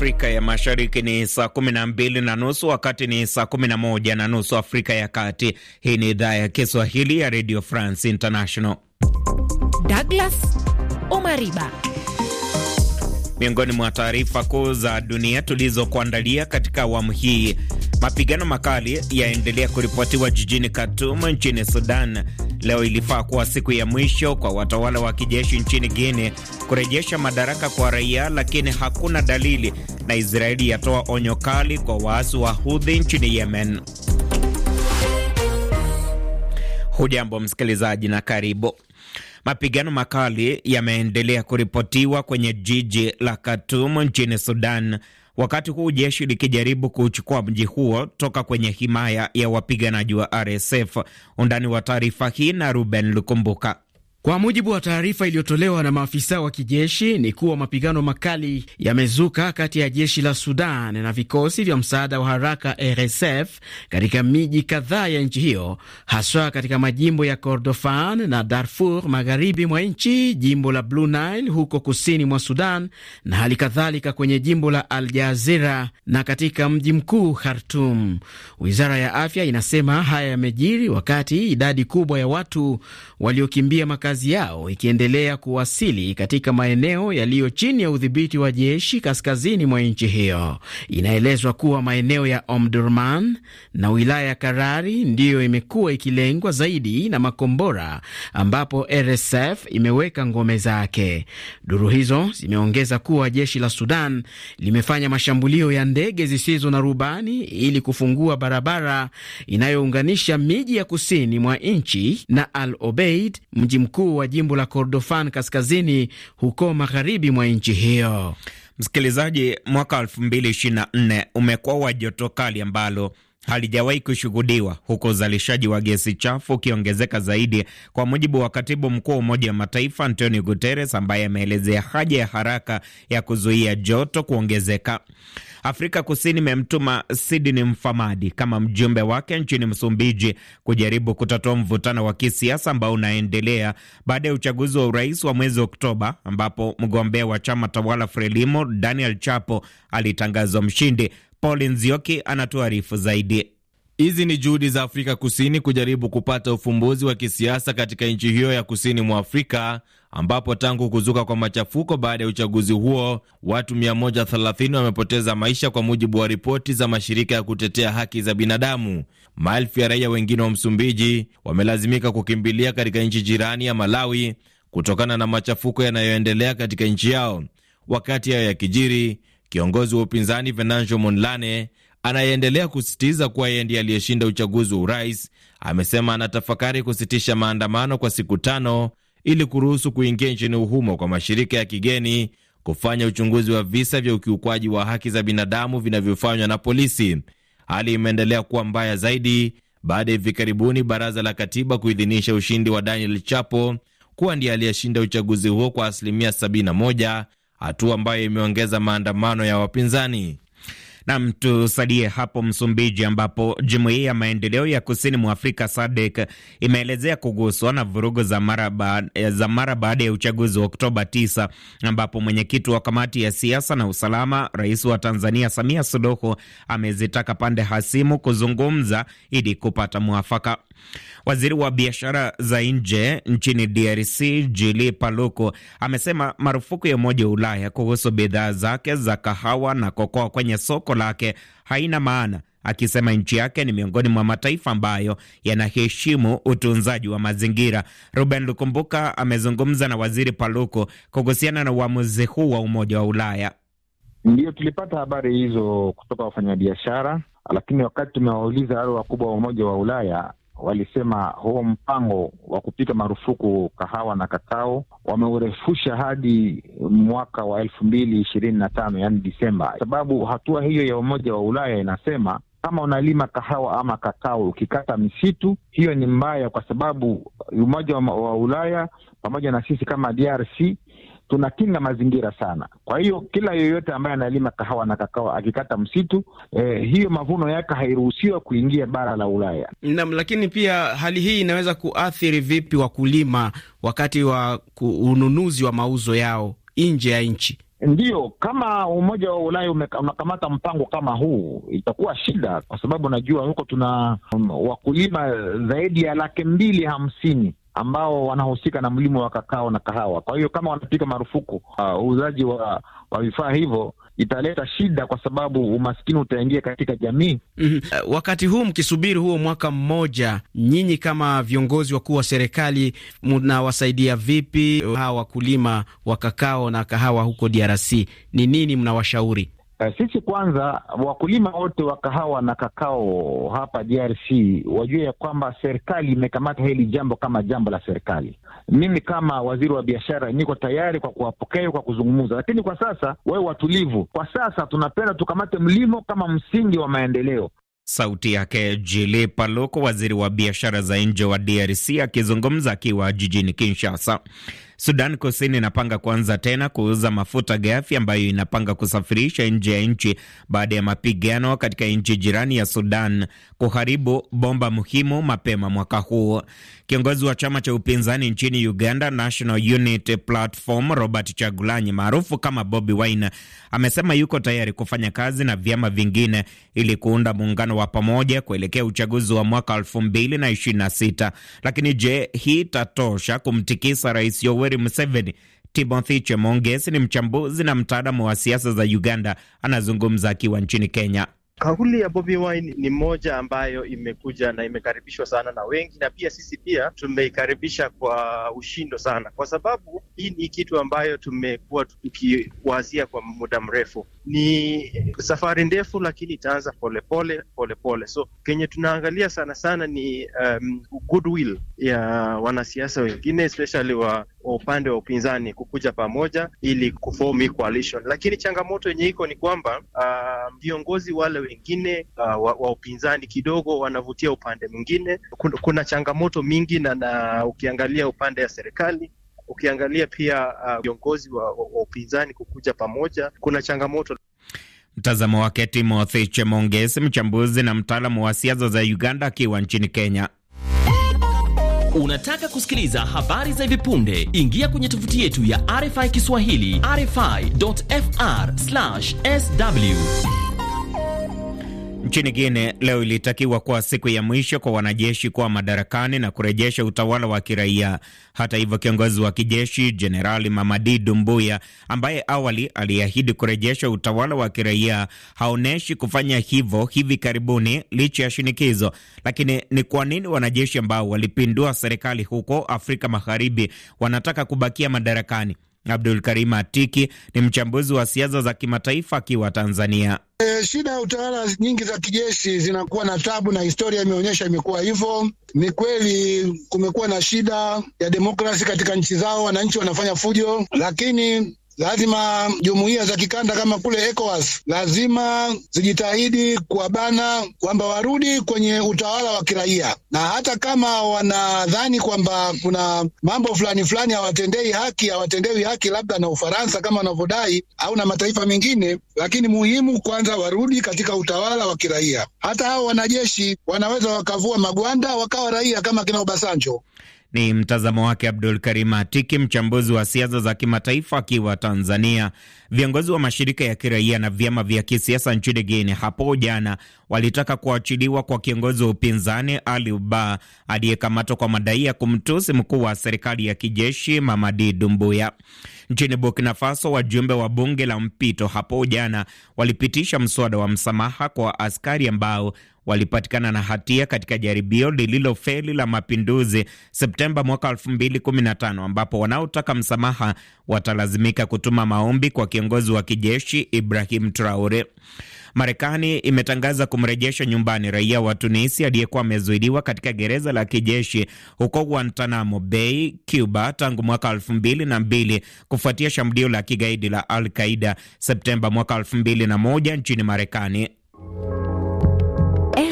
Afrika ya Mashariki ni saa kumi na mbili na nusu wakati ni saa kumi na moja na nusu Afrika ya Kati. Hii ni idhaa ya Kiswahili ya Radio France International. Douglas Omariba miongoni mwa taarifa kuu za dunia tulizokuandalia katika awamu hii: mapigano makali yaendelea kuripotiwa jijini Khartoum nchini Sudan Leo ilifaa kuwa siku ya mwisho kwa watawala wa kijeshi nchini Guinea kurejesha madaraka kwa raia, lakini hakuna dalili, na Israeli yatoa onyo kali kwa waasi wa Houthi nchini Yemen. Hujambo msikilizaji na karibu. Mapigano makali yameendelea kuripotiwa kwenye jiji la Khartoum nchini Sudan wakati huu jeshi likijaribu kuchukua mji huo toka kwenye himaya ya wapiganaji wa RSF. Undani wa taarifa hii na Ruben Lukumbuka. Kwa mujibu wa taarifa iliyotolewa na maafisa wa kijeshi ni kuwa mapigano makali yamezuka kati ya jeshi la Sudan na vikosi vya msaada wa haraka RSF katika miji kadhaa ya nchi hiyo, haswa katika majimbo ya Kordofan na Darfur magharibi mwa nchi, jimbo la Blue Nile huko kusini mwa Sudan na hali kadhalika kwenye jimbo la Al Jazira na katika mji mkuu Khartum. Wizara ya afya inasema haya yamejiri wakati idadi kubwa ya watu waliokimbia makazi yao ikiendelea kuwasili katika maeneo yaliyo chini ya udhibiti wa jeshi kaskazini mwa nchi hiyo. Inaelezwa kuwa maeneo ya Omdurman na wilaya ya Karari ndiyo imekuwa ikilengwa zaidi na makombora, ambapo RSF imeweka ngome zake. Duru hizo zimeongeza kuwa jeshi la Sudan limefanya mashambulio ya ndege zisizo na rubani ili kufungua barabara inayounganisha miji ya kusini mwa nchi na Al Obeid, mji mkuu mkuu wa jimbo la Kordofan kaskazini huko magharibi mwa nchi hiyo. Msikilizaji, mwaka 2024 umekuwa wa joto kali ambalo halijawahi kushuhudiwa huku uzalishaji wa gesi chafu ukiongezeka zaidi, kwa mujibu wa katibu mkuu wa Umoja wa Mataifa Antonio Guterres ambaye ameelezea haja ya haraka ya kuzuia joto kuongezeka. Afrika Kusini imemtuma Sidini Mfamadi kama mjumbe wake nchini Msumbiji kujaribu kutatua mvutano wa kisiasa ambao unaendelea baada ya uchaguzi wa urais wa mwezi Oktoba, ambapo mgombea wa chama tawala Frelimo Daniel Chapo alitangazwa mshindi. Paul Nzioki anatuarifu zaidi. Hizi ni juhudi za Afrika Kusini kujaribu kupata ufumbuzi wa kisiasa katika nchi hiyo ya kusini mwa Afrika ambapo tangu kuzuka kwa machafuko baada ya uchaguzi huo watu 130 wamepoteza maisha kwa mujibu wa ripoti za mashirika ya kutetea haki za binadamu. Maelfu ya raia wengine wa Msumbiji wamelazimika kukimbilia katika nchi jirani ya Malawi kutokana na machafuko yanayoendelea katika nchi yao. Wakati hayo yakijiri, kiongozi wa upinzani Venancio Mondlane anayeendelea kusisitiza kuwa yeye ndiye aliyeshinda uchaguzi wa urais amesema anatafakari kusitisha maandamano kwa siku tano ili kuruhusu kuingia nchini humo kwa mashirika ya kigeni kufanya uchunguzi wa visa vya ukiukwaji wa haki za binadamu vinavyofanywa na polisi. Hali imeendelea kuwa mbaya zaidi baada ya hivi karibuni baraza la katiba kuidhinisha ushindi wa Daniel Chapo kuwa ndiye aliyeshinda uchaguzi huo kwa asilimia 71, hatua ambayo imeongeza maandamano ya wapinzani. Nam, tusalie hapo Msumbiji, ambapo jumuiya ya maendeleo ya kusini mwa Afrika SADC imeelezea kuguswa na vurugu za mara baada baada ya uchaguzi wa Oktoba 9 ambapo mwenyekiti wa kamati ya siasa na usalama, rais wa Tanzania Samia Suluhu amezitaka pande hasimu kuzungumza ili kupata mwafaka. Waziri wa biashara za nje nchini DRC Jili Paluku amesema marufuku ya Umoja wa Ulaya kuhusu bidhaa zake za kahawa na kokoa kwenye soko tamko lake haina maana, akisema nchi yake ni miongoni mwa mataifa ambayo yanaheshimu utunzaji wa mazingira. Ruben Lukumbuka amezungumza na Waziri Paluku kuhusiana na uamuzi huu wa Umoja wa Ulaya. ndio tulipata habari hizo kutoka wafanyabiashara, lakini wakati tumewauliza wale wakubwa wa Umoja wa Ulaya walisema huo mpango wa kupiga marufuku kahawa na kakao wameurefusha hadi mwaka wa elfu mbili ishirini na tano yaani Disemba, sababu hatua hiyo ya Umoja wa Ulaya inasema kama unalima kahawa ama kakao ukikata misitu, hiyo ni mbaya, kwa sababu Umoja wa Ulaya pamoja na sisi kama DRC tunakinga mazingira sana. Kwa hiyo kila yoyote ambaye analima kahawa na kakao akikata msitu eh, hiyo mavuno yake hairuhusiwa kuingia bara la Ulaya. Naam, lakini pia hali hii inaweza kuathiri vipi wakulima wakati wa ununuzi wa mauzo yao nje ya nchi? Ndiyo, kama Umoja wa Ulaya unakamata mpango kama huu itakuwa shida, kwa sababu najua huko tuna um, wakulima zaidi ya laki mbili hamsini ambao wanahusika na mlimo wa kakao na kahawa. Kwa hiyo kama wanapiga marufuku uh, uuzaji uh, wa, wa vifaa hivyo italeta shida, kwa sababu umaskini utaingia katika jamii. mm -hmm. Uh, wakati huu mkisubiri huo mwaka mmoja, nyinyi kama viongozi wakuu wa serikali mnawasaidia vipi hawa wakulima wa kakao na kahawa huko DRC? Ni nini mnawashauri? Eh, sisi kwanza, wakulima wote wa kahawa na kakao hapa DRC wajue ya kwamba serikali imekamata hili jambo kama jambo la serikali. Mimi kama waziri wa biashara niko tayari kwa kuwapokea, kwa kuzungumza, lakini kwa sasa wawe watulivu. Kwa sasa tunapenda tukamate mlimo kama msingi wa maendeleo. Sauti yake Jili Paloko, waziri wa biashara za nje wa DRC akizungumza akiwa jijini Kinshasa. Sudan Kusini inapanga kuanza tena kuuza mafuta ghafi ambayo inapanga kusafirisha nje ya nchi baada ya mapigano katika nchi jirani ya Sudan kuharibu bomba muhimu mapema mwaka huu. Kiongozi wa chama cha upinzani nchini Uganda, National Unity Platform, Robert Chagulanyi maarufu kama Bobi Wine amesema yuko tayari kufanya kazi na vyama vingine ili kuunda muungano wa pamoja kuelekea uchaguzi wa mwaka 2026. Lakini je, hii itatosha kumtikisa Rais Yoweri Yoweri Museveni. Timothy Chemonges ni mchambuzi na mtaalamu wa siasa za Uganda, anazungumza akiwa nchini Kenya. Kauli ya Bobi Wine ni moja ambayo imekuja na imekaribishwa sana na wengi, na pia sisi pia tumeikaribisha kwa ushindo sana, kwa sababu hii ni kitu ambayo tumekuwa tukiwazia kwa muda mrefu ni safari ndefu, lakini itaanza polepole polepole. So kenye tunaangalia sana sana ni um, goodwill ya wanasiasa wengine especially wa upande wa upinzani kukuja pamoja ili kuform coalition, lakini changamoto yenye iko ni kwamba um, viongozi uh, wale wengine uh, wa, wa upinzani kidogo wanavutia upande mwingine. Kuna, kuna changamoto mingi na, na ukiangalia upande ya serikali ukiangalia pia uh, viongozi uh, wa, wa upinzani kukuja pamoja, kuna changamoto. Mtazamo wake Timothy Chemonges, mchambuzi na mtaalamu wa siasa za Uganda akiwa nchini Kenya. Unataka kusikiliza habari za hivi punde? Ingia kwenye tovuti yetu ya RFI Kiswahili, rfi.fr/sw. Nchini Guine leo ilitakiwa kuwa siku ya mwisho kwa wanajeshi kuwa madarakani na kurejesha utawala wa kiraia. Hata hivyo, kiongozi wa kijeshi Jenerali Mamadi Dumbuya ambaye awali aliahidi kurejesha utawala wa kiraia haonyeshi kufanya hivyo hivi karibuni licha ya shinikizo. Lakini ni kwa nini wanajeshi ambao walipindua serikali huko Afrika Magharibi wanataka kubakia madarakani? Abdul Karim Atiki ni mchambuzi wa siasa za kimataifa akiwa Tanzania. E, shida ya utawala nyingi za kijeshi zinakuwa na tabu na historia imeonyesha imekuwa hivyo. Ni kweli kumekuwa na shida ya demokrasi katika nchi zao, wananchi wanafanya fujo, lakini lazima jumuiya za kikanda kama kule ECOWAS lazima zijitahidi kuwabana kwamba warudi kwenye utawala wa kiraia, na hata kama wanadhani kwamba kuna mambo fulani fulani hawatendei haki hawatendewi haki labda na Ufaransa kama wanavyodai au na mataifa mengine, lakini muhimu kwanza warudi katika utawala wa kiraia. Hata hao wanajeshi wanaweza wakavua magwanda wakawa raia kama kina Obasanjo. Ni mtazamo wake Abdul Karim Atiki, mchambuzi wa siasa za kimataifa akiwa Tanzania. Viongozi wa mashirika ya kiraia na vyama vya kisiasa nchini Guinea hapo jana walitaka kuachiliwa kwa kiongozi wa upinzani Ali Uba aliyekamatwa kwa madai ya kumtusi mkuu wa serikali ya kijeshi Mamadi Dumbuya. Nchini Burkina Faso, wajumbe wa bunge la mpito hapo jana walipitisha mswada wa msamaha kwa askari ambao walipatikana na hatia katika jaribio lililofeli la mapinduzi Septemba mwaka 2015 ambapo wanaotaka msamaha watalazimika kutuma maombi kwa kiongozi wa kijeshi Ibrahim Traore. Marekani imetangaza kumrejesha nyumbani raia wa Tunisia aliyekuwa amezuiliwa katika gereza la kijeshi huko Guantanamo Bay, Cuba, tangu mwaka 2002 kufuatia shambulio la kigaidi la Al Qaida Septemba mwaka nchini Marekani.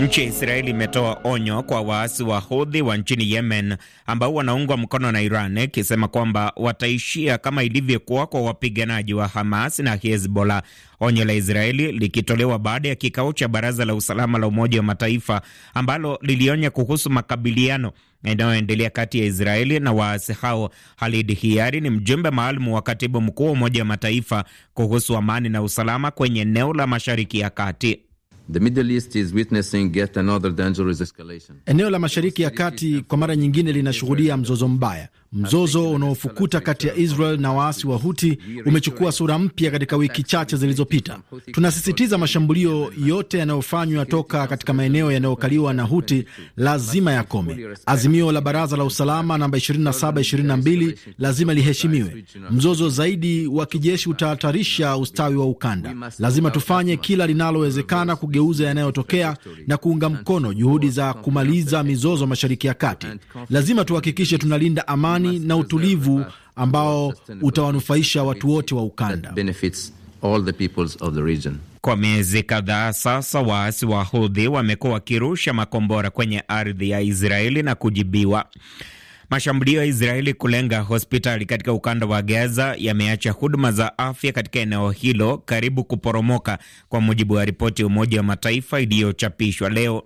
Nchi ya Israeli imetoa onyo kwa waasi wa hudhi wa nchini Yemen ambao wanaungwa mkono na Iran, ikisema kwamba wataishia kama ilivyokuwa kwa wapiganaji wa Hamas na Hezbola. Onyo la Israeli likitolewa baada ya kikao cha Baraza la Usalama la Umoja wa Mataifa ambalo lilionya kuhusu makabiliano yanayoendelea kati ya Israeli na waasi hao. Halid Hiari ni mjumbe maalum wa katibu mkuu wa Umoja wa Mataifa kuhusu amani na usalama kwenye eneo la Mashariki ya Kati. The Middle East is witnessing yet another dangerous escalation. Eneo la Mashariki ya Kati kwa mara nyingine linashuhudia mzozo mbaya. Mzozo unaofukuta kati ya Israel na waasi wa Huti umechukua sura mpya katika wiki chache zilizopita. Tunasisitiza mashambulio yote yanayofanywa toka katika maeneo yanayokaliwa na Huti lazima yakome. Azimio la Baraza la Usalama namba 2722 lazima liheshimiwe. Mzozo zaidi wa kijeshi utahatarisha ustawi wa ukanda. Lazima tufanye kila linalowezekana kugeuza yanayotokea na kuunga mkono juhudi za kumaliza mizozo Mashariki ya Kati. Lazima tuhakikishe tunalinda amani amani na utulivu ambao utawanufaisha watu wote wa ukanda. Kwa miezi kadhaa sasa, waasi wa Houthi wamekuwa wakirusha makombora kwenye ardhi ya Israeli na kujibiwa. Mashambulio ya Israeli kulenga hospitali katika ukanda wa Gaza yameacha huduma za afya katika eneo hilo karibu kuporomoka, kwa mujibu wa ripoti ya Umoja wa Mataifa iliyochapishwa leo.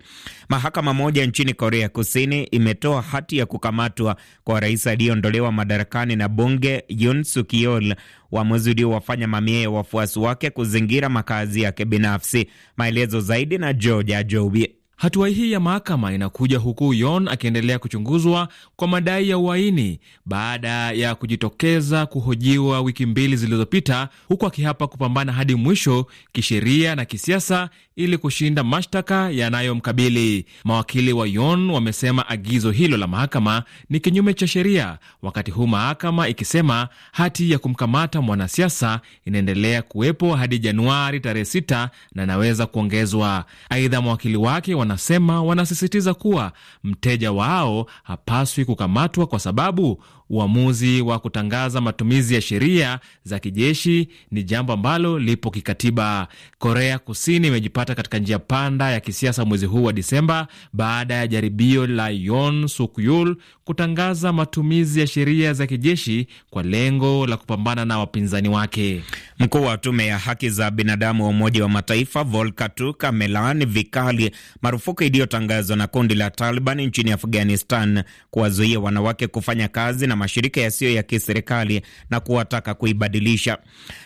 Mahakama moja nchini Korea Kusini imetoa hati ya kukamatwa kwa rais aliyeondolewa madarakani na bunge Yoon Suk Yeol, uamuzi uliowafanya mamia ya wafuasi wake kuzingira makazi yake binafsi. Maelezo zaidi na Georgia Jobi. Hatua hii ya mahakama inakuja huku Yon akiendelea kuchunguzwa kwa madai ya uhaini baada ya kujitokeza kuhojiwa wiki mbili zilizopita, huku akihapa kupambana hadi mwisho kisheria na kisiasa ili kushinda mashtaka yanayomkabili. Mawakili wa Yon wamesema agizo hilo la mahakama ni kinyume cha sheria, wakati huu mahakama ikisema hati ya kumkamata mwanasiasa inaendelea kuwepo hadi Januari tarehe 6 na naweza kuongezwa. Aidha, mawakili wake wanasema wanasisitiza kuwa mteja wao hapaswi kukamatwa kwa sababu Uamuzi wa kutangaza matumizi ya sheria za kijeshi ni jambo ambalo lipo kikatiba. Korea Kusini imejipata katika njia panda ya kisiasa mwezi huu wa Disemba baada ya jaribio la Yoon Suk Yeol kutangaza matumizi ya sheria za kijeshi kwa lengo la kupambana na wapinzani wake. Mkuu wa tume ya haki za binadamu wa Umoja wa Mataifa Volker Turk amelaani vikali marufuku iliyotangazwa na kundi la Taliban nchini Afghanistan kuwazuia wanawake kufanya kazi na mashirika yasiyo ya, kiserikali na kuwataka kuibadilisha.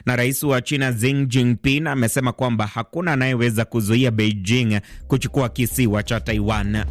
Na rais wa China Xi Jinping amesema kwamba hakuna anayeweza kuzuia Beijing kuchukua kisiwa cha Taiwan.